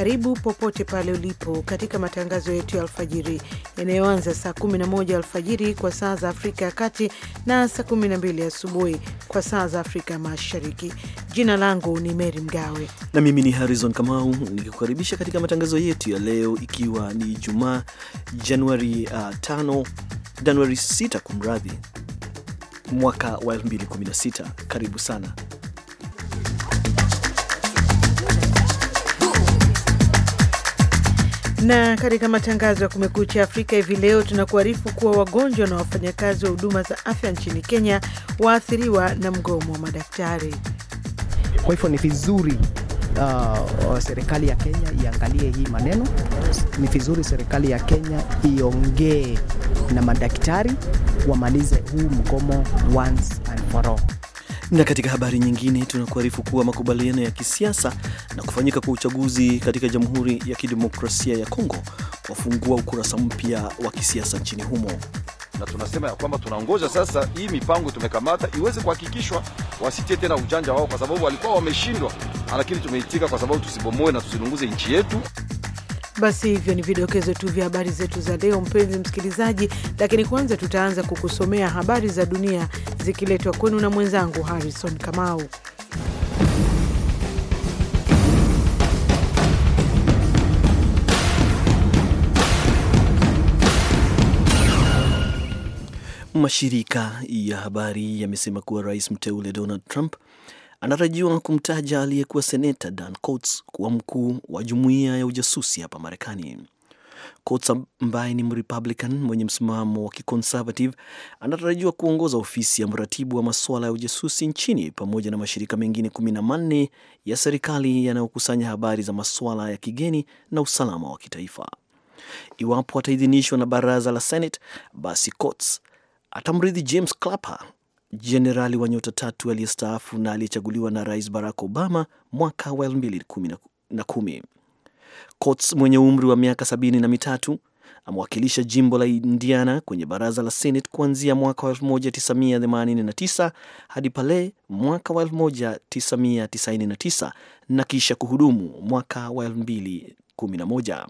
Karibu popote pale ulipo katika matangazo yetu ya alfajiri yanayoanza saa 11 alfajiri kwa saa za Afrika ya Kati na saa 12 asubuhi kwa saa za Afrika Mashariki. Jina langu ni Meri Mgawe na mimi ni Harrison Kamau nikikukaribisha katika matangazo yetu ya leo, ikiwa ni Jumaa Januari uh, ah, 5 Januari 6 kumradhi, mwaka wa 2016. Karibu sana Na katika matangazo ya Kumekucha Afrika hivi leo tunakuarifu kuwa wagonjwa na wafanyakazi wa huduma za afya nchini Kenya waathiriwa na mgomo wa madaktari. Kwa hivyo ni vizuri Uh, serikali ya Kenya iangalie hii maneno. Ni vizuri serikali ya Kenya iongee na madaktari wamalize huu mgomo once and for all. Na katika habari nyingine tunakuarifu kuwa makubaliano ya kisiasa na kufanyika kwa uchaguzi katika Jamhuri ya Kidemokrasia ya Kongo wafungua ukurasa mpya wa kisiasa nchini humo na tunasema ya kwamba tunaongoza sasa, hii mipango tumekamata iweze kuhakikishwa, wasitie tena ujanja wao, kwa sababu walikuwa wameshindwa, lakini tumeitika kwa sababu tusibomoe na tusilunguze nchi yetu. Basi hivyo ni vidokezo tu vya habari zetu za leo, mpenzi msikilizaji, lakini kwanza tutaanza kukusomea habari za dunia zikiletwa kwenu na mwenzangu Harrison Kamau. Mashirika ya habari yamesema kuwa rais mteule Donald Trump anatarajiwa kumtaja aliyekuwa seneta Dan Coats kuwa mkuu wa jumuiya ya ujasusi hapa Marekani. Coats ambaye ni Mrepublican mwenye msimamo wa kiconservative anatarajiwa kuongoza ofisi ya mratibu wa masuala ya ujasusi nchini pamoja na mashirika mengine kumi na manne ya serikali yanayokusanya habari za masuala ya kigeni na usalama wa kitaifa. Iwapo ataidhinishwa na baraza la Senate, basi Coats atamrithi James Clapper jenerali wa nyota tatu aliyestaafu na aliyechaguliwa na Rais Barack Obama mwaka wa 2010. Coats mwenye umri wa miaka sabini na mitatu amewakilisha jimbo la Indiana kwenye baraza la Senate kuanzia mwaka wa 1989 hadi pale mwaka wa 1999 na kisha kuhudumu mwaka wa 2011.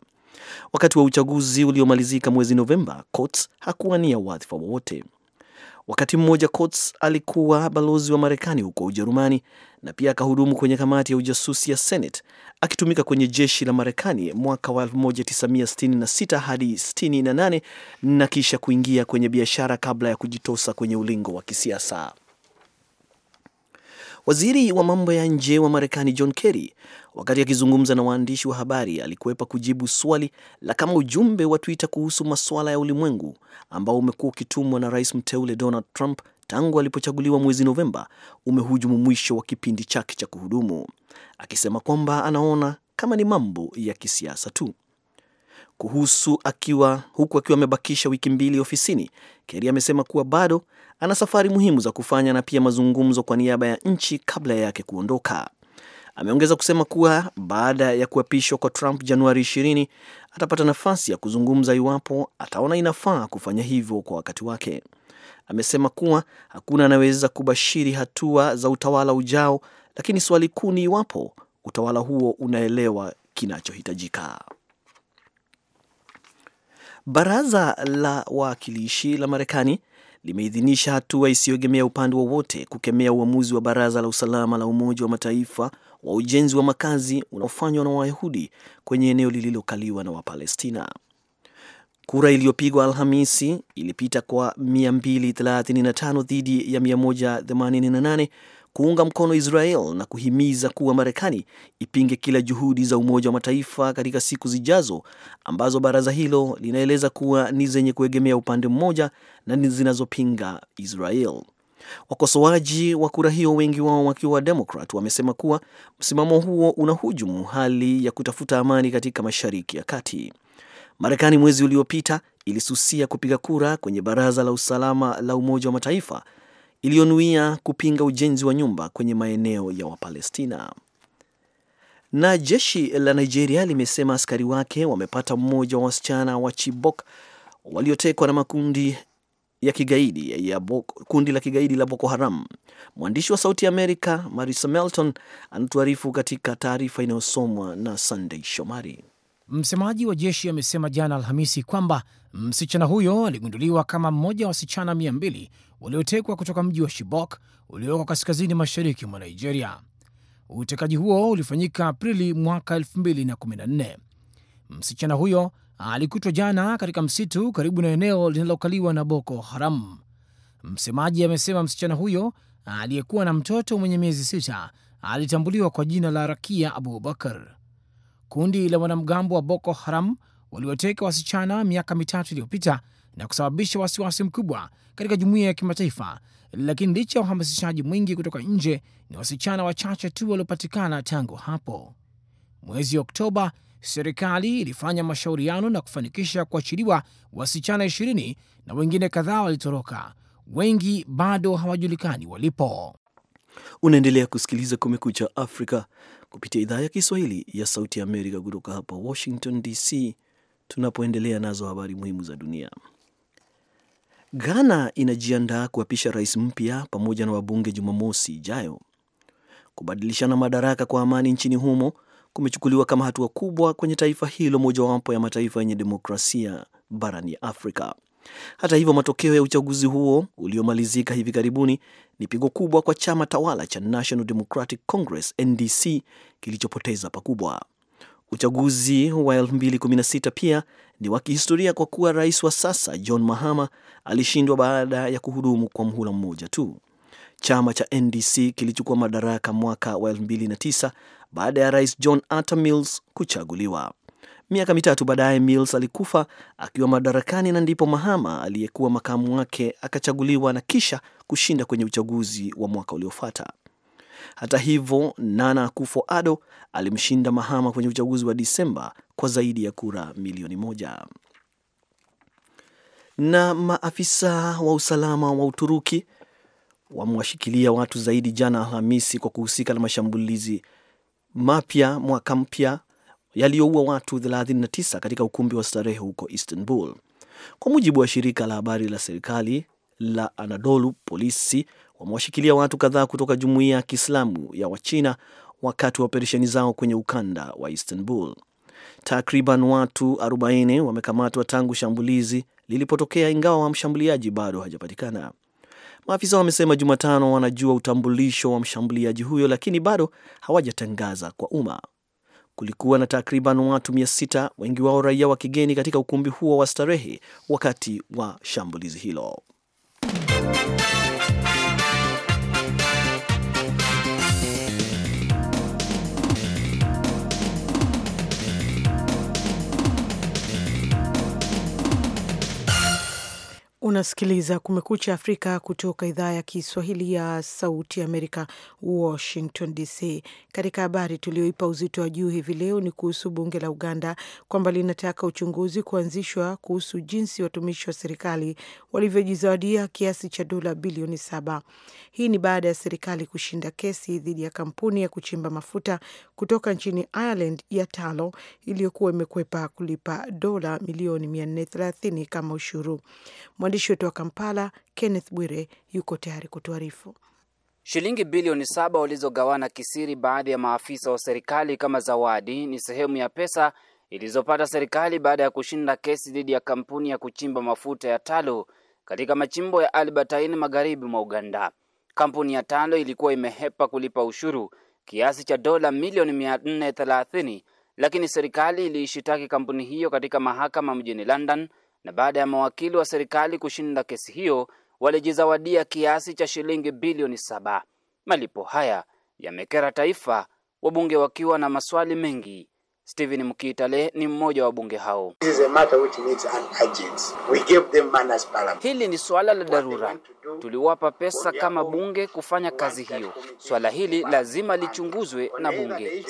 Wakati wa uchaguzi uliomalizika mwezi Novemba, Coats hakuwania wadhifa wowote wa Wakati mmoja Coates alikuwa balozi wa Marekani huko Ujerumani na pia akahudumu kwenye kamati ya ujasusi ya Senate akitumika kwenye jeshi la Marekani mwaka wa 1966 hadi 68 na kisha kuingia kwenye biashara kabla ya kujitosa kwenye ulingo wa kisiasa. Waziri wa mambo ya nje wa Marekani John Kerry, wakati akizungumza na waandishi wa habari, alikuwepa kujibu swali la kama ujumbe wa Twitter kuhusu masuala ya ulimwengu ambao umekuwa ukitumwa na rais mteule Donald Trump tangu alipochaguliwa mwezi Novemba umehujumu mwisho wa kipindi chake cha kuhudumu, akisema kwamba anaona kama ni mambo ya kisiasa tu kuhusu akiwa huku akiwa amebakisha wiki mbili ofisini, keri amesema kuwa bado ana safari muhimu za kufanya na pia mazungumzo kwa niaba ya nchi kabla yake kuondoka. Ameongeza kusema kuwa baada ya kuapishwa kwa Trump Januari 20 atapata nafasi ya kuzungumza iwapo ataona inafaa kufanya hivyo kwa wakati wake. Amesema kuwa hakuna anaweza kubashiri hatua za utawala ujao, lakini swali kuu ni iwapo utawala huo unaelewa kinachohitajika. Baraza la Wawakilishi la Marekani limeidhinisha hatua isiyoegemea upande wowote kukemea uamuzi wa Baraza la Usalama la Umoja wa Mataifa wa ujenzi wa makazi unaofanywa na Wayahudi kwenye eneo lililokaliwa na Wapalestina. Kura iliyopigwa Alhamisi ilipita kwa 235 dhidi ya 188 kuunga mkono Israel na kuhimiza kuwa Marekani ipinge kila juhudi za Umoja wa Mataifa katika siku zijazo ambazo baraza hilo linaeleza kuwa ni zenye kuegemea upande mmoja na ni zinazopinga Israel. Wakosoaji wa kura hiyo, wengi wao wakiwa Wademokrat, wamesema kuwa msimamo huo unahujumu hali ya kutafuta amani katika Mashariki ya Kati. Marekani mwezi uliopita ilisusia kupiga kura kwenye Baraza la Usalama la Umoja wa Mataifa iliyonuia kupinga ujenzi wa nyumba kwenye maeneo ya Wapalestina. Na jeshi la Nigeria limesema askari wake wamepata mmoja wa wasichana wa Chibok waliotekwa na makundi ya kigaidi ya Boko, kundi la kigaidi la Boko Haram. Mwandishi wa Sauti Amerika Marisa Melton anatuarifu katika taarifa inayosomwa na Sunday Shomari. Msemaji wa jeshi amesema jana Alhamisi kwamba msichana huyo aligunduliwa kama mmoja wa wasichana mia mbili waliotekwa kutoka mji wa Chibok ulioko kaskazini mashariki mwa Nigeria. Utekaji huo ulifanyika Aprili mwaka 2014. Msichana huyo alikutwa jana katika msitu karibu na eneo linalokaliwa na Boko Haram. Msemaji amesema msichana huyo aliyekuwa na mtoto mwenye miezi sita alitambuliwa kwa jina la Rakia Abubakar. Kundi la wanamgambo wa Boko Haram walioteka wasichana miaka mitatu iliyopita na kusababisha wasiwasi mkubwa katika jumuiya ya kimataifa, lakini licha ya uhamasishaji mwingi kutoka nje, ni wasichana wachache tu waliopatikana tangu hapo. Mwezi Oktoba, serikali ilifanya mashauriano na kufanikisha kuachiliwa wasichana ishirini na wengine kadhaa walitoroka. Wengi bado hawajulikani walipo. Unaendelea kusikiliza Kumekucha Afrika kupitia idhaa ya Kiswahili ya Sauti ya Amerika kutoka hapa Washington DC, tunapoendelea nazo habari muhimu za dunia. Ghana inajiandaa kuapisha rais mpya pamoja na wabunge Jumamosi ijayo. Kubadilishana madaraka kwa amani nchini humo kumechukuliwa kama hatua kubwa kwenye taifa hilo, mojawapo ya mataifa yenye demokrasia barani Afrika. Hata hivyo, matokeo ya uchaguzi huo uliomalizika hivi karibuni ni pigo kubwa kwa chama tawala cha National Democratic Congress NDC kilichopoteza pakubwa. Uchaguzi wa 2016 pia ni wa kihistoria kwa kuwa rais wa sasa John Mahama alishindwa baada ya kuhudumu kwa mhula mmoja tu. Chama cha NDC kilichukua madaraka mwaka wa 2009 baada ya rais John Atta Mills kuchaguliwa. Miaka mitatu baadaye, Mills alikufa akiwa madarakani na ndipo Mahama aliyekuwa makamu wake akachaguliwa na kisha kushinda kwenye uchaguzi wa mwaka uliofuata. Hata hivyo, Nana Akufo-Addo alimshinda Mahama kwenye uchaguzi wa Disemba kwa zaidi ya kura milioni moja. Na maafisa wa usalama wa Uturuki wamewashikilia watu zaidi jana Alhamisi kwa kuhusika na mashambulizi mapya mwaka mpya yaliyoua watu 39 katika ukumbi wa starehe huko Istanbul. Kwa mujibu wa shirika la habari la serikali la Anadolu, polisi wamewashikilia watu kadhaa kutoka jumuiya ya Kiislamu ya Wachina wakati wa operesheni zao kwenye ukanda wa Istanbul. Takriban watu 40 wamekamatwa tangu shambulizi lilipotokea, ingawa wa mshambuliaji bado hajapatikana. Maafisa wamesema Jumatano wanajua utambulisho wa mshambuliaji huyo, lakini bado hawajatangaza kwa umma. Kulikuwa na takriban watu 600, wengi wao raia wa kigeni, katika ukumbi huo wa starehe wakati wa shambulizi hilo. Unasikiliza Kumekucha Afrika kutoka idhaa ya Kiswahili ya Sauti ya Amerika, Washington DC. Katika habari tulioipa uzito wa juu hivi leo ni kuhusu bunge la Uganda kwamba linataka uchunguzi kuanzishwa kuhusu jinsi watumishi wa serikali walivyojizawadia kiasi cha dola bilioni saba. Hii ni baada ya serikali kushinda kesi dhidi ya kampuni ya kuchimba mafuta kutoka nchini Ireland ya Talo iliyokuwa imekwepa kulipa dola milioni 430 kama ushuru. Mwandishi wetu wa Kampala, Kenneth Bwire, yuko tayari kutuarifu. Shilingi bilioni saba walizogawana kisiri baadhi ya maafisa wa serikali kama zawadi ni sehemu ya pesa ilizopata serikali baada ya kushinda kesi dhidi ya kampuni ya kuchimba mafuta ya talo katika machimbo ya Albertine magharibi mwa Uganda. Kampuni ya talo ilikuwa imehepa kulipa ushuru kiasi cha dola milioni 430, lakini serikali iliishitaki kampuni hiyo katika mahakama mjini London na baada ya mawakili wa serikali kushinda kesi hiyo walijizawadia kiasi cha shilingi bilioni saba. Malipo haya yamekera taifa, wabunge wakiwa na maswali mengi. Stephen Mkitale ni mmoja wa bunge hao. Hili ni suala la dharura, tuliwapa pesa kama bunge kufanya kazi hiyo. Swala hili lazima lichunguzwe na bunge.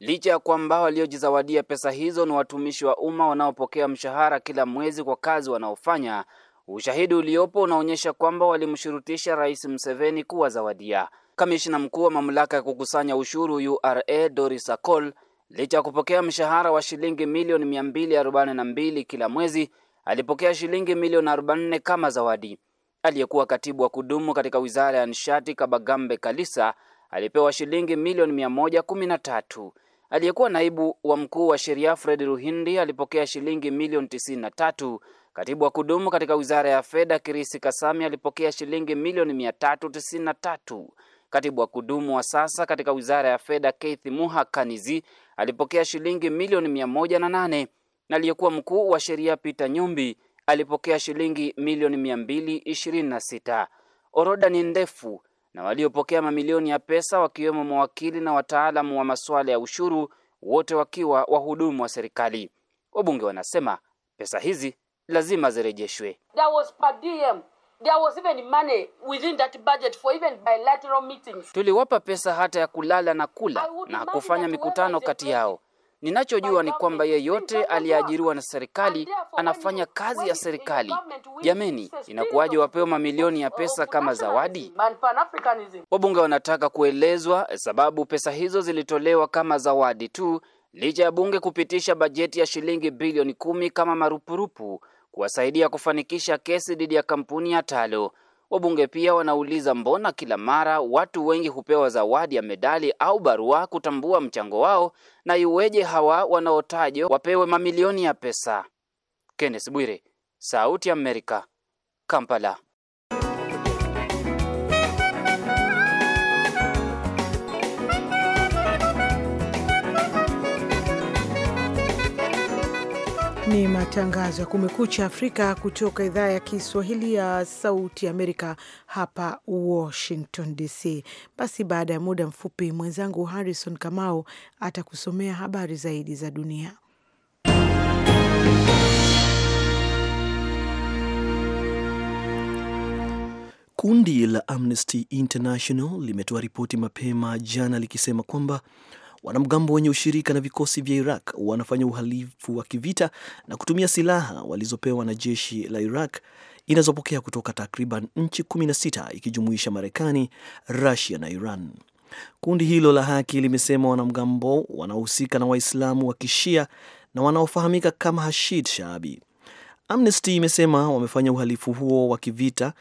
Licha ya kwamba waliojizawadia pesa hizo ni watumishi wa umma wanaopokea mshahara kila mwezi kwa kazi wanaofanya, ushahidi uliopo unaonyesha kwamba walimshurutisha Rais kuwa kuwazawadia. Kamishina mkuu wa mamlaka ya kukusanya ushuru URA Doris Akol, licha ya kupokea mshahara wa shilingi milioni 242 kila mwezi, alipokea shilingi milioni 44 kama zawadi. Aliyekuwa katibu wa kudumu katika wizara ya nishati Kabagambe Kalisa alipewa shilingi milioni 113. Aliyekuwa naibu wa mkuu wa sheria Fred Ruhindi alipokea shilingi milioni 93. Katibu wa kudumu katika wizara ya fedha Kirisi Kasami alipokea shilingi milioni 393. Katibu wa kudumu wa sasa katika wizara ya fedha Keith Muhakanizi alipokea shilingi milioni mia moja na nane na aliyekuwa mkuu wa sheria Peter Nyumbi alipokea shilingi milioni mia mbili ishirini na sita. Orodha ni ndefu na waliopokea mamilioni ya pesa wakiwemo mawakili na wataalamu wa masuala ya ushuru, wote wakiwa wahudumu wa serikali. Wabunge wanasema pesa hizi lazima zirejeshwe. That was per diem. There was even money within that budget for even bilateral meetings. Tuliwapa pesa hata ya kulala na kula na kufanya mikutano kati yao. Ninachojua ni kwamba yeyote aliyeajiriwa na serikali anafanya kazi ya serikali. Jameni, inakuwaje wapewa mamilioni ya pesa kama zawadi? Wabunge wanataka kuelezwa eh, sababu pesa hizo zilitolewa kama zawadi tu, licha ya bunge kupitisha bajeti ya shilingi bilioni kumi kama marupurupu kuwasaidia kufanikisha kesi dhidi ya kampuni ya Talo. Wabunge pia wanauliza mbona kila mara watu wengi hupewa zawadi ya medali au barua kutambua mchango wao, na iweje hawa wanaotajwa wapewe mamilioni ya pesa? Kenneth Bwire, Sauti ya Amerika, Kampala. ni matangazo ya Kumekucha Afrika kutoka idhaa ya Kiswahili ya Sauti Amerika hapa Washington DC. Basi baada ya muda mfupi, mwenzangu Harrison Kamau atakusomea habari zaidi za dunia. Kundi la Amnesty International limetoa ripoti mapema jana likisema kwamba Wanamgambo wenye ushirika na vikosi vya Iraq wanafanya uhalifu wa kivita na kutumia silaha walizopewa na jeshi la Iraq inazopokea kutoka takriban nchi 16 ikijumuisha Marekani, Rusia na Iran. Kundi hilo la haki limesema wanamgambo wanaohusika na Waislamu wa Kishia na wanaofahamika kama Hashid Shaabi. Amnesty imesema wamefanya uhalifu huo wa kivita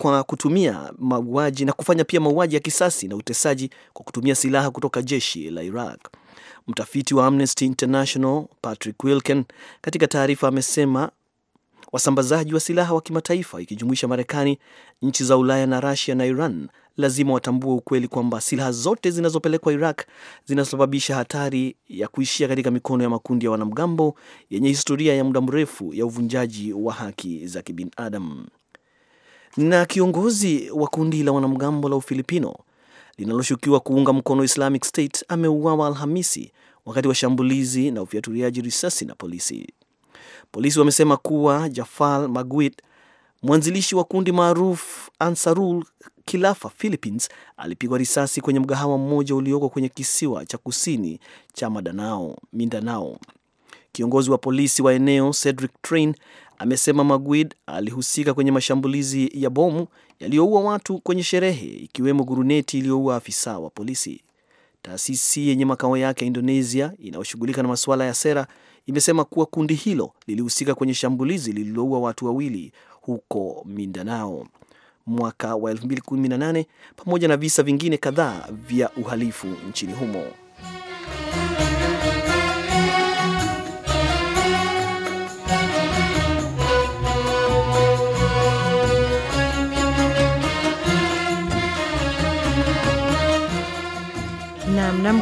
kwa kutumia mauaji na kufanya pia mauaji ya kisasi na utesaji kwa kutumia silaha kutoka jeshi la Iraq. Mtafiti wa Amnesty International Patrick Wilken katika taarifa amesema wasambazaji wa silaha wa kimataifa ikijumuisha Marekani, nchi za Ulaya na Rusia na Iran lazima watambue ukweli kwamba silaha zote zinazopelekwa Iraq zinasababisha hatari ya kuishia katika mikono ya makundi ya wanamgambo yenye historia ya muda mrefu ya uvunjaji wa haki za kibinadamu na kiongozi wa kundi la wanamgambo la Ufilipino linaloshukiwa kuunga mkono Islamic State ameuawa Alhamisi wakati wa shambulizi na ufyatuliaji risasi na polisi. Polisi wamesema kuwa Jafar Maguid, mwanzilishi wa kundi maarufu Ansarul kilafa Philippines, alipigwa risasi kwenye mgahawa mmoja ulioko kwenye kisiwa cha kusini cha Mindanao. Kiongozi wa polisi wa eneo Cedric Train amesema Maguid alihusika kwenye mashambulizi ya bomu yaliyoua watu kwenye sherehe, ikiwemo guruneti iliyoua afisa wa polisi. Taasisi yenye makao yake Indonesia inayoshughulika na masuala ya sera imesema kuwa kundi hilo lilihusika kwenye shambulizi lililoua watu wawili huko Mindanao mwaka wa 2018 pamoja na visa vingine kadhaa vya uhalifu nchini humo.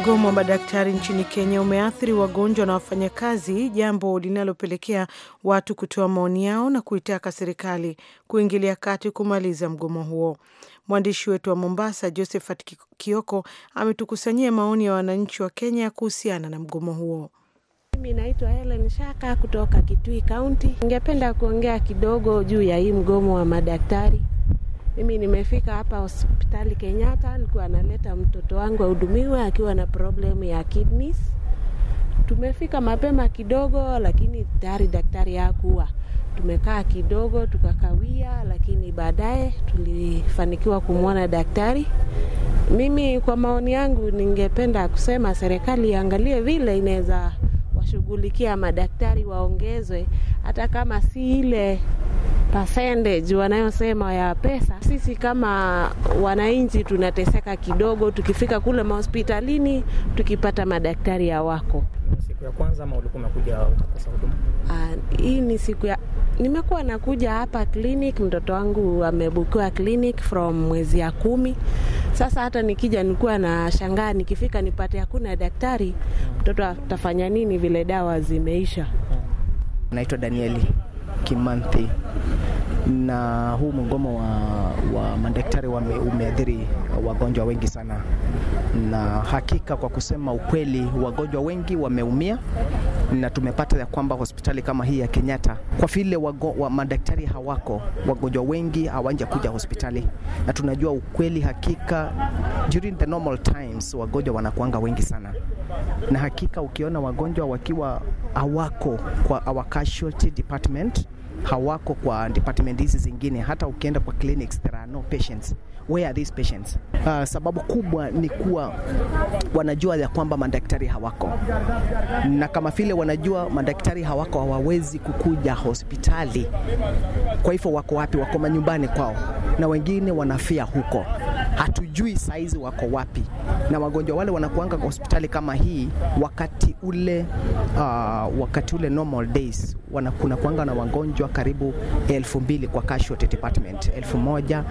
Mgomo wa madaktari nchini Kenya umeathiri wagonjwa na wafanyakazi, jambo linalopelekea watu kutoa maoni yao na kuitaka serikali kuingilia kati kumaliza mgomo huo. Mwandishi wetu wa Mombasa, Josephat Kioko, ametukusanyia maoni ya wananchi wa Kenya kuhusiana na mgomo huo. Mimi naitwa Helen Shaka kutoka Kitui Kaunti. Ningependa kuongea kidogo juu ya hii mgomo wa madaktari. Mimi nimefika hapa hospitali Kenyatta, nilikuwa analeta mtoto wangu ahudumiwe akiwa na problemu ya kidneys. Tumefika mapema kidogo, lakini tayari daktari hakuwa. Tumekaa kidogo tukakawia, lakini baadaye tulifanikiwa kumwona daktari. Mimi kwa maoni yangu, ningependa kusema serikali iangalie vile inaweza washughulikia madaktari waongezwe, hata kama si ile percentage wanayosema ya pesa, sisi kama wananchi tunateseka kidogo. Tukifika kule mahospitalini, tukipata madaktari ya wako siku ya kwanza ama ulikuwa umekuja ukakosa huduma? Uh, hii ni siku ya nimekuwa nakuja hapa clinic. Mtoto wangu amebukiwa clinic from mwezi ya kumi. Sasa hata nikija nikuwa na shangaa, nikifika nipate hakuna daktari, mtoto atafanya nini vile dawa zimeisha? Naitwa Danieli. Quimante. na huu mgomo wa, wa madaktari umeathiri wagonjwa wengi sana, na hakika kwa kusema ukweli, wagonjwa wengi wameumia, na tumepata ya kwamba hospitali kama hii ya Kenyatta, kwa vile wa madaktari hawako, wagonjwa wengi hawanja kuja hospitali, na tunajua ukweli hakika, during the normal times wagonjwa wanakuanga wengi sana, na hakika ukiona wagonjwa wakiwa hawako kwa our casualty department hawako kwa department hizi zingine. Hata ukienda kwa clinics there are no patients. Where are these patients? Uh, sababu kubwa ni kuwa wanajua ya kwamba madaktari hawako, na kama vile wanajua madaktari hawako, hawawezi kukuja hospitali. Kwa hivyo wako wapi? Wako manyumbani kwao, na wengine wanafia huko. Hatujui saizi wako wapi, na wagonjwa wale wanakuanga hospitali kama hii wakati ule, uh, wakati ule normal days wanakuna kwanga na wagonjwa karibu elfu mbili kwa casualty department elfu moja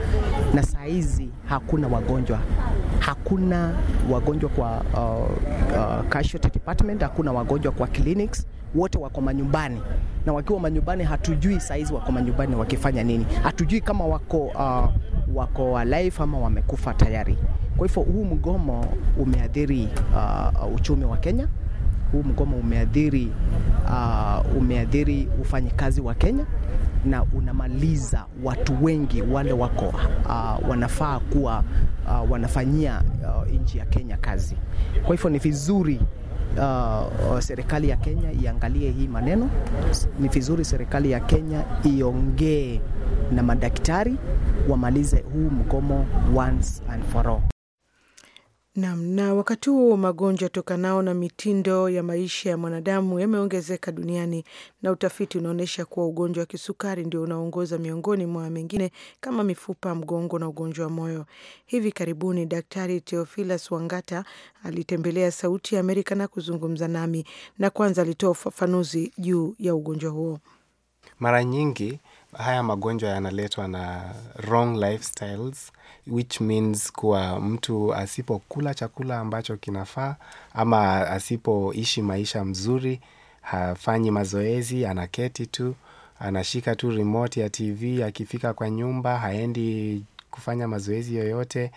na hizi hakuna wagonjwa hakuna wagonjwa kwa uh, uh, casualty department, hakuna wagonjwa kwa clinics, wote wako manyumbani, na wakiwa manyumbani, hatujui saizi wako manyumbani wakifanya nini, hatujui kama wako uh, wako alive ama wamekufa tayari. Kwa hivyo huu mgomo umeathiri uh, uchumi wa Kenya huu mgomo umeadhiri, uh, umeadhiri ufanyikazi wa Kenya na unamaliza watu wengi wale wako uh, wanafaa kuwa uh, wanafanyia uh, nchi ya Kenya kazi. Kwa hivyo ni vizuri Uh, serikali ya Kenya iangalie hii maneno. Ni vizuri serikali ya Kenya iongee na madaktari wamalize huu mgomo once and for all. Naam, na wakati huo magonjwa tokanao na mitindo ya maisha ya mwanadamu yameongezeka duniani na utafiti unaonyesha kuwa ugonjwa wa kisukari ndio unaongoza miongoni mwa mengine kama mifupa, mgongo na ugonjwa wa moyo. Hivi karibuni Daktari Teofilas Wangata alitembelea Sauti ya Amerika na kuzungumza nami, na kwanza alitoa ufafanuzi juu ya ugonjwa huo. Mara nyingi haya magonjwa yanaletwa na wrong lifestyles which means kuwa mtu asipokula chakula ambacho kinafaa ama asipoishi maisha mzuri, hafanyi mazoezi, anaketi tu, anashika tu remote ya TV, akifika kwa nyumba, haendi kufanya mazoezi yoyote,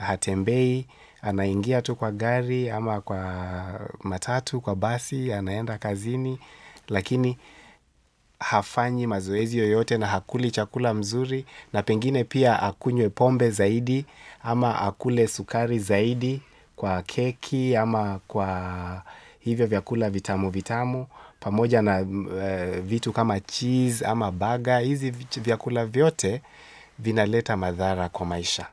hatembei, anaingia tu kwa gari ama kwa matatu, kwa basi, anaenda kazini, lakini hafanyi mazoezi yoyote na hakuli chakula mzuri na pengine pia akunywe pombe zaidi ama akule sukari zaidi kwa keki ama kwa hivyo vyakula vitamu vitamu pamoja na eh, vitu kama cheese ama baga hizi vyakula vyote vinaleta madhara kwa maisha.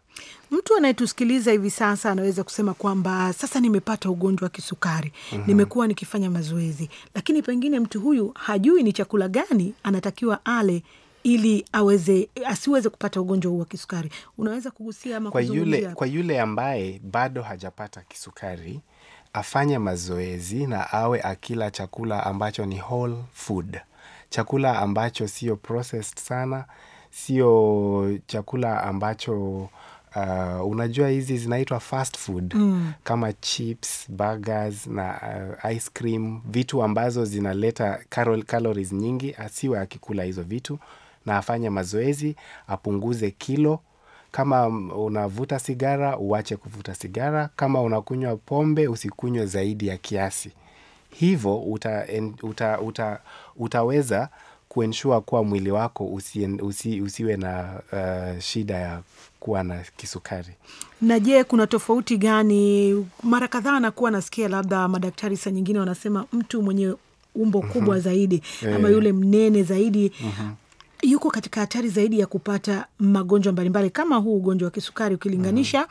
Mtu anayetusikiliza hivi sasa anaweza kusema kwamba sasa nimepata ugonjwa wa kisukari, mm -hmm. nimekuwa nikifanya mazoezi, lakini pengine mtu huyu hajui ni chakula gani anatakiwa ale ili aweze asiweze kupata ugonjwa huu wa kisukari. Unaweza kugusia ama kwa yule, kwa yule ambaye bado hajapata kisukari afanye mazoezi na awe akila chakula ambacho ni whole food, chakula ambacho sio processed sana, sio chakula ambacho uh, unajua hizi zinaitwa fast food mm. kama chips, burgers na uh, ice cream, vitu ambazo zinaleta calories nyingi. Asiwe akikula hizo vitu na afanye mazoezi, apunguze kilo. Kama unavuta sigara, uache kuvuta sigara. Kama unakunywa pombe, usikunywe zaidi ya kiasi. Hivyo uta, uta, uta, utaweza kuensure kuwa mwili wako usi, usi, usiwe na uh, shida ya kuwa na kisukari. Na je, kuna tofauti gani? Mara kadhaa nakuwa nasikia labda madaktari saa nyingine wanasema mtu mwenye umbo mhm. kubwa mm -hmm. zaidi eh. ama yule mnene zaidi mm -hmm yuko katika hatari zaidi ya kupata magonjwa mbalimbali kama huu ugonjwa wa kisukari ukilinganisha mm.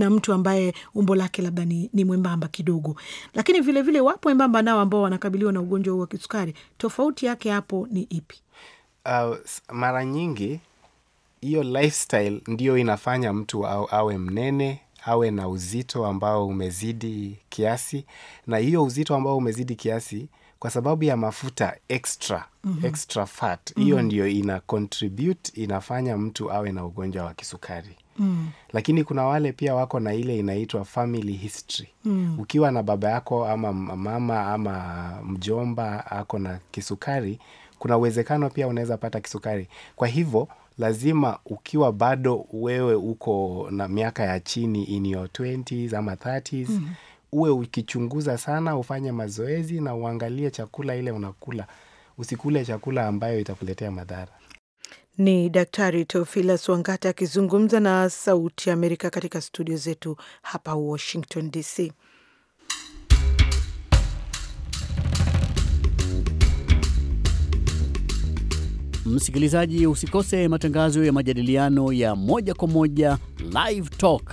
na mtu ambaye umbo lake labda ni, ni mwembamba kidogo. Lakini vilevile vile wapo wembamba nao ambao wanakabiliwa na ugonjwa huu wa kisukari. Tofauti yake hapo ni ipi? Uh, mara nyingi hiyo lifestyle ndiyo inafanya mtu au, awe mnene awe na uzito ambao umezidi kiasi, na hiyo uzito ambao umezidi kiasi kwa sababu ya mafuta extra mm -hmm. extra fat hiyo mm -hmm. ndio ina contribute inafanya mtu awe na ugonjwa wa kisukari mm. lakini kuna wale pia wako na ile inaitwa family history mm. ukiwa na baba yako ama mama ama mjomba ako na kisukari kuna uwezekano pia unaweza pata kisukari kwa hivyo lazima ukiwa bado wewe uko na miaka ya chini in your 20s ama 30s mm uwe ukichunguza sana, ufanye mazoezi na uangalie chakula ile unakula. Usikule chakula ambayo itakuletea madhara. Ni Daktari Teofilas swangata akizungumza na Sauti ya Amerika katika studio zetu hapa Washington DC. Msikilizaji, usikose matangazo ya majadiliano ya moja kwa moja Live Talk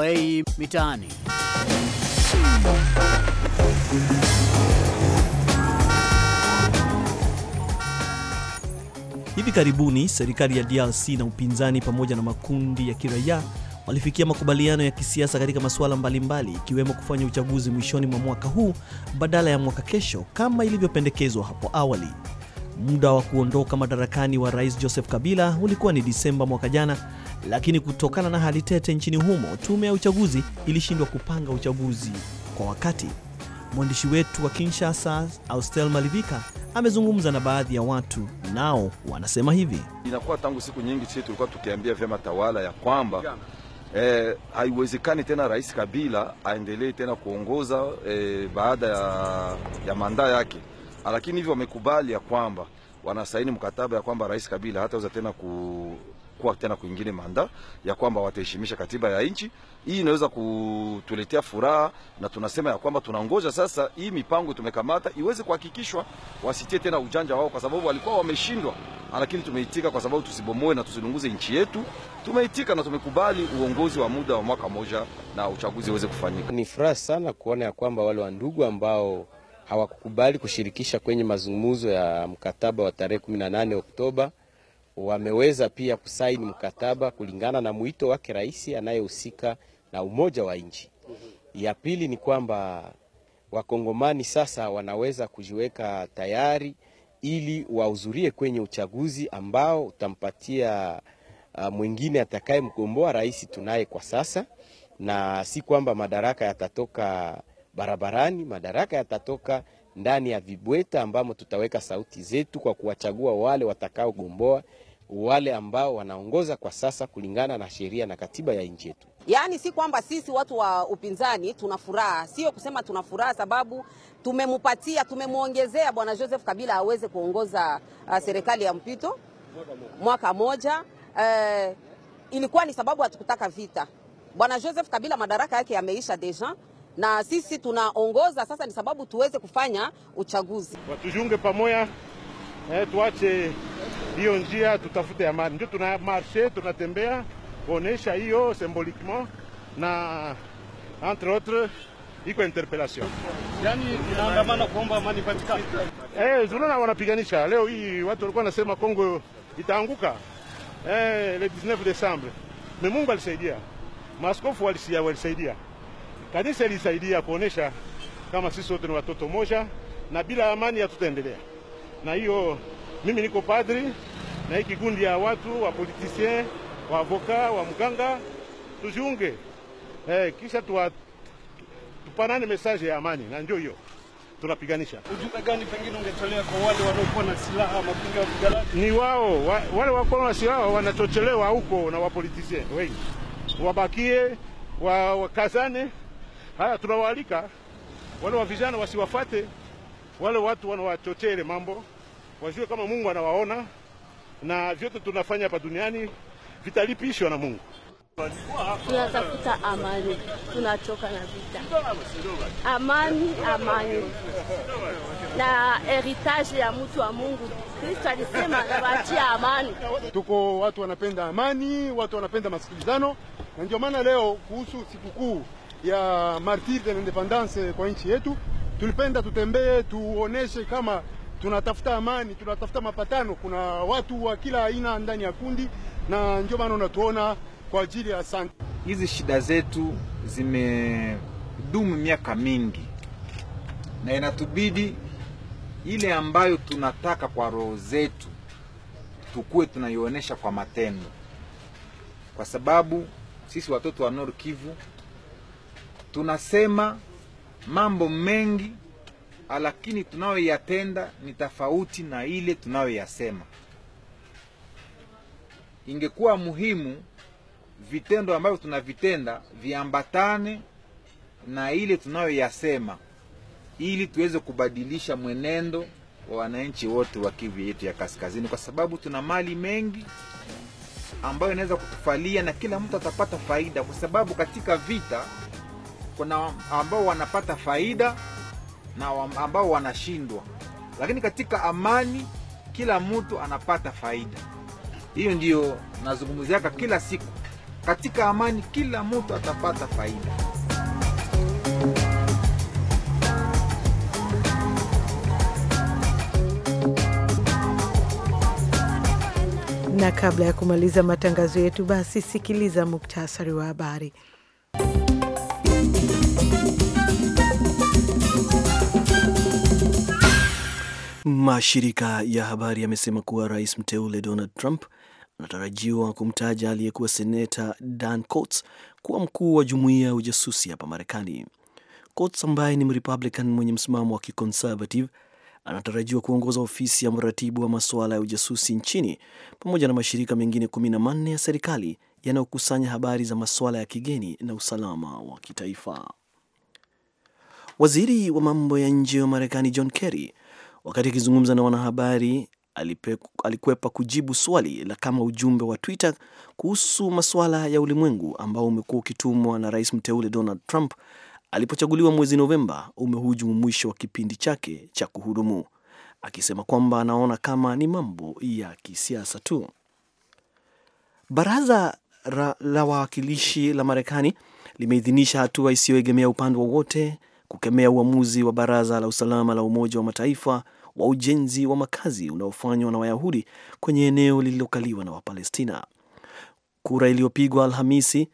VOA Mitaani. Hivi karibuni serikali ya DRC na upinzani pamoja na makundi ya kiraia walifikia makubaliano ya kisiasa katika masuala mbalimbali ikiwemo kufanya uchaguzi mwishoni mwa mwaka huu badala ya mwaka kesho kama ilivyopendekezwa hapo awali. Muda wa kuondoka madarakani wa Rais Joseph Kabila ulikuwa ni Disemba mwaka jana lakini kutokana na hali tete nchini humo, tume ya uchaguzi ilishindwa kupanga uchaguzi kwa wakati. Mwandishi wetu wa Kinshasa, Austel Malivika, amezungumza na baadhi ya watu, nao wanasema hivi. Inakuwa tangu siku nyingi sisi tulikuwa tukiambia vyema tawala ya kwamba eh, haiwezekani tena Rais Kabila aendelee tena kuongoza eh, baada ya, ya mandaa yake, lakini hivyo wamekubali ya kwamba wanasaini mkataba ya kwamba Rais Kabila hataweza tena ku, kuwa tena kuingine manda ya kwamba wataheshimisha katiba ya nchi. Hii inaweza kutuletea furaha, na tunasema ya kwamba tunangoja sasa hii mipango tumekamata iweze kuhakikishwa, wasitie tena ujanja wao, kwa sababu walikuwa wameshindwa, lakini tumeitika kwa sababu tusibomoe na tusilunguze nchi yetu. Tumeitika na tumekubali uongozi wa muda wa mwaka moja na uchaguzi uweze kufanyika. Ni furaha sana kuona ya kwamba wale wandugu ambao hawakukubali kushirikisha kwenye mazungumzo ya mkataba wa tarehe 18 Oktoba wameweza pia kusaini mkataba kulingana na mwito wake rais anayehusika na umoja wa nchi. Ya pili ni kwamba wakongomani sasa wanaweza kujiweka tayari ili wahudhurie kwenye uchaguzi ambao utampatia uh, mwingine atakayemgomboa rais tunaye kwa sasa, na si kwamba madaraka yatatoka barabarani, madaraka yatatoka ndani ya vibweta ambamo tutaweka sauti zetu kwa kuwachagua wale watakaogomboa wale ambao wanaongoza kwa sasa kulingana na sheria na katiba ya nchi yetu. Yaani si kwamba sisi watu wa upinzani tuna furaha, sio kusema tuna furaha sababu tumemupatia, tumemwongezea bwana Joseph Kabila aweze kuongoza uh, serikali ya mpito mwaka moja. Uh, ilikuwa ni sababu hatukutaka vita. Bwana Joseph Kabila madaraka yake yameisha deja na sisi tunaongoza sasa, ni sababu tuweze kufanya uchaguzi. watujunge pamoja, eh, tuache hiyo njia, tutafute amani. Ndio tuna marshe, tunatembea kuonesha hiyo symboliquement, na entre autres iko interpellation, yani tunaandamana kuomba amani patikane. Eh, zuluna wanapiganisha leo hii, watu walikuwa nasema Kongo itaanguka eh, le 19 décembre me Mungu alisaidia, walisia walisaidia Kanisa ilisaidia kuonesha kama sisi wote ni watoto moja, na bila amani hatutaendelea. Na hiyo mimi niko padri na hii kikundi ya watu wa politisien wa avoka wa mganga tujiunge, eh, kisha tuwa, tupanane mesaje ya amani, na ndio hiyo tunapiganisha. Ujumbe gani pengine ungetolea kwa wale wanaokuwa na silaha mapinga vigalani? Ni wao wa, wale wako na silaha wanachochelewa huko na wapolitisien wengi, wabakie wa, wakazane Haya, tunawaalika wale wa vijana wasiwafate wale watu wanawachochea ile mambo, wajue kama Mungu anawaona na vyote tunafanya hapa duniani vitalipishwa na Mungu. Tunatafuta amani, tunachoka na vita. Amani, amani na heritage ya mtu wa Mungu. Kristo alisema nawaachia amani. Tuko watu wanapenda amani, watu wanapenda masikilizano, na ndio maana leo kuhusu sikukuu ya martir de l'independance kwa nchi yetu. Tulipenda tutembee, tuoneshe kama tunatafuta amani, tunatafuta mapatano. Kuna watu wa kila aina ndani ya kundi, na ndio maana unatuona kwa ajili ya sante. Hizi shida zetu zimedumu miaka mingi, na inatubidi ile ambayo tunataka kwa roho zetu tukuwe tunaionyesha kwa matendo, kwa sababu sisi watoto wa Nord Kivu tunasema mambo mengi, lakini tunayoyatenda ni tofauti na ile tunayoyasema. Ingekuwa muhimu vitendo ambavyo tunavitenda viambatane na ile tunayoyasema ili tuweze kubadilisha mwenendo wa wananchi wote wa Kivu yetu ya kaskazini, kwa sababu tuna mali mengi ambayo inaweza kutufalia na kila mtu atapata faida, kwa sababu katika vita kuna ambao wanapata faida na ambao wanashindwa, lakini katika amani kila mtu anapata faida. Hiyo ndiyo nazungumziaka kila siku, katika amani kila mtu atapata faida. Na kabla ya kumaliza matangazo yetu, basi sikiliza muktasari wa habari. Mashirika ya habari yamesema kuwa rais mteule Donald Trump anatarajiwa kumtaja aliyekuwa seneta Dan Coats kuwa mkuu wa jumuiya ya ujasusi hapa Marekani. Coats ambaye ni Mrepublican mwenye msimamo wa kiconservative anatarajiwa kuongoza ofisi ya mratibu wa masuala ya ujasusi nchini pamoja na mashirika mengine kumi na manne ya serikali yanayokusanya habari za masuala ya kigeni na usalama wa kitaifa. Waziri wa mambo ya nje wa Marekani John Kerry Wakati akizungumza na wanahabari alipe, alikwepa kujibu swali la kama ujumbe wa Twitter kuhusu masuala ya ulimwengu ambao umekuwa ukitumwa na rais mteule Donald Trump alipochaguliwa mwezi Novemba umehujumu mwisho wa kipindi chake cha kuhudumu, akisema kwamba anaona kama ni mambo ya kisiasa tu. Baraza la wawakilishi la Marekani limeidhinisha hatua isiyoegemea upande wowote kukemea uamuzi wa Baraza la Usalama la Umoja wa Mataifa wa ujenzi wa makazi unaofanywa na Wayahudi kwenye eneo lililokaliwa na Wapalestina. Kura iliyopigwa Alhamisi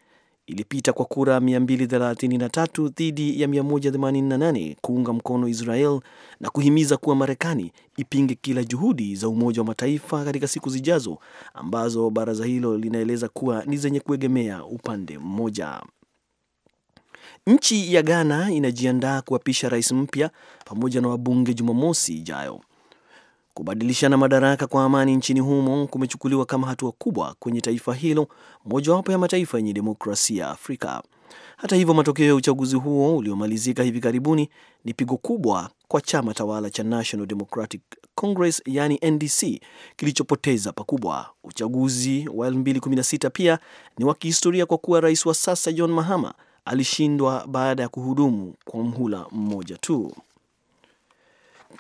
ilipita kwa kura 233 dhidi ya 188 kuunga mkono Israel na kuhimiza kuwa Marekani ipinge kila juhudi za Umoja wa Mataifa katika siku zijazo ambazo baraza hilo linaeleza kuwa ni zenye kuegemea upande mmoja. Nchi ya Ghana inajiandaa kuapisha rais mpya pamoja na wabunge Jumamosi ijayo. Kubadilishana madaraka kwa amani nchini humo kumechukuliwa kama hatua kubwa kwenye taifa hilo, mojawapo ya mataifa yenye demokrasia ya Afrika. Hata hivyo, matokeo ya uchaguzi huo uliomalizika hivi karibuni ni pigo kubwa kwa chama tawala cha National Democratic Congress, yani NDC, kilichopoteza pakubwa. Uchaguzi wa 2016 pia ni wa kihistoria kwa kuwa rais wa sasa John Mahama alishindwa baada ya kuhudumu kwa mhula mmoja tu.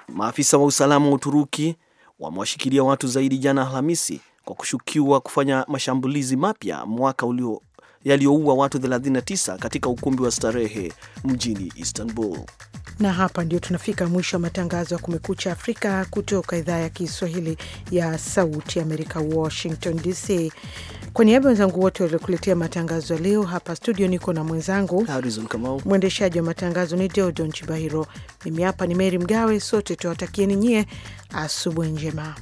Maafisa wa usalama wa Uturuki wamewashikilia watu zaidi jana Alhamisi kwa kushukiwa kufanya mashambulizi mapya mwaka ulio yaliyoua watu 39 katika ukumbi wa starehe mjini Istanbul. Na hapa ndio tunafika mwisho wa matangazo ya Kumekucha Afrika kutoka idhaa ya Kiswahili ya Sauti Amerika, Washington DC. Kwa niaba wenzangu wote waliokuletea matangazo ya leo, hapa studio niko na mwenzangu mwendeshaji wa matangazo ni Deodon Chibahiro. Mimi hapa ni Meri Mgawe, sote tuwatakieni nyie asubuhi njema.